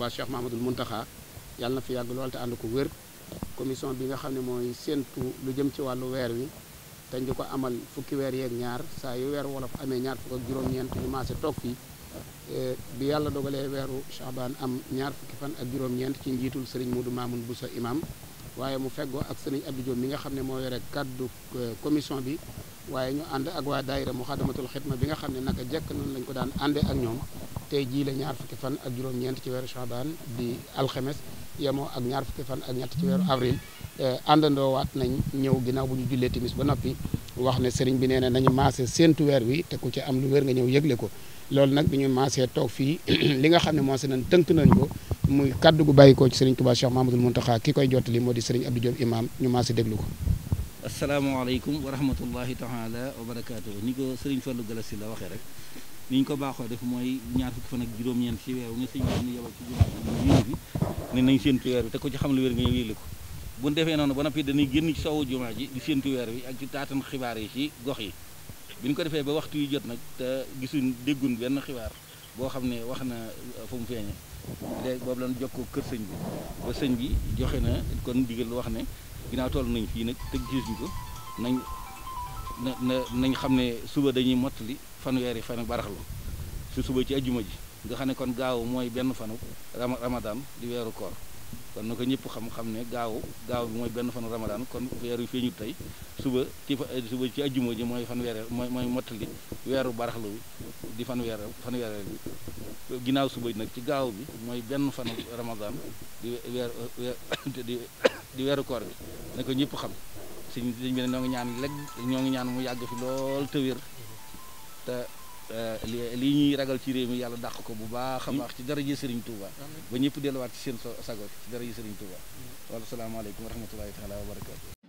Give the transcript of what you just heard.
Touba Cheikh Mahamadul Muntaxa yàlla na fi yàgg lool te ànd ko wér commission bi nga xam ne mooy séentu lu jëm ci wàllu weer wi te ñu ko amal fukki weer yeeg ñaar saa yu weer wolof amee ñaar fukk ak juróom-ñeent ñu maase toog fii e, bi yàlla dogalee weeru Chaban am ñaar fukki fan ak juróom-ñeent ci njiitul Serigne Modou Mamoun Boussa imam waaye mu feggoo ak sëriñ Abdou Diop mi nga xam ne moo yore kàddu euh, commission bi waaye ñu ànd ak waa daayira Muxaddamatul Xidma bi nga xam ne naka jekk noonu lañ ko daan àndee ak ñoom tey jii la ñaar fukki fan ak juróom-ñeent ci weeru Chaban di alxemes yemoo ak ñaar fukki fan ak ñett ci weeru avril euh, àndandoo waat nañ ñëw ginnaaw bu ñu jullee timis ba noppi wax ne sëriñ bi nee na nañu maase séentu weer wi te ku ci am lu weer nga ñëw yëgle ko loolu nag bi ñu maasee toog fii li nga xam ne moo nañ tënk nañ ko muy kaddu gu bàyyikoo ci sëriñ Touba Cheikh Mahamadoul Mountakha ki koy jottali moo di sëriñ Abdou Diop imam ñu maase déglu ko asalaamaaleykum wa rahmatullahi taala wa barakaatu ni ko sëriñ Fallou Galassi la waxee rek ni ñu ko baaxoo def mooy ñaar fukki fan ak juróom-ñeent ci weeru nga sëñ bi ñu yebal ci jumaa ji ne nañ séentu weer bi te ko ci xam lu weer nga ñëw yëgle ko bu defee noonu ba noppi dañuy génn ci soowu jumaa ji di séentu weer bi ak ci taatan xibaar yi ci gox yi bi ñu ko defee ba waxtu yi jot nag te gisuñ déggun benn xibaar boo xam ne wax na euh, fu mu feeñe léegi boobu lañ jokkoo kër sëñ bi ba sëñ bi joxe na kon ndigal wax ne ginnaaw toll nañ fii nag te gisuñ ko nañ na na nañ xam ne suba dañuy mottali fanweeri fan ak baraxlu su suba ci ajjuma ji nga xam ne kon gaaw mooy benn fanu ramadan di weeru koor kon na ko ñëpp xam-xam ne gaaw gaaw bi mooy benn fan ramadaan kon weeru fii ñu tey suba ci fa suba ci ajjuma ji mooy fan weereel mooy mooy mottali weeru baraxlu di fan weereel fan weereel bi ginnaaw suba nag ci gaaw bi mooy benn fan ramadaan di weer di di weeru koor bi na ko ñëpp xam suñ dañ bi ne ñoo ngi ñaan legg ñoo ngi ñaan mu yàgg fi lool te Euh, li ñuy ragal ci réew mi yàlla dàq ko bu baax a baax ci daraje Serigne Touba ba ñëpp delluwaat ci seen sago ci daraje Serigne Touba wala salaamaaleykum wa rahmatullahi taala wa barakatu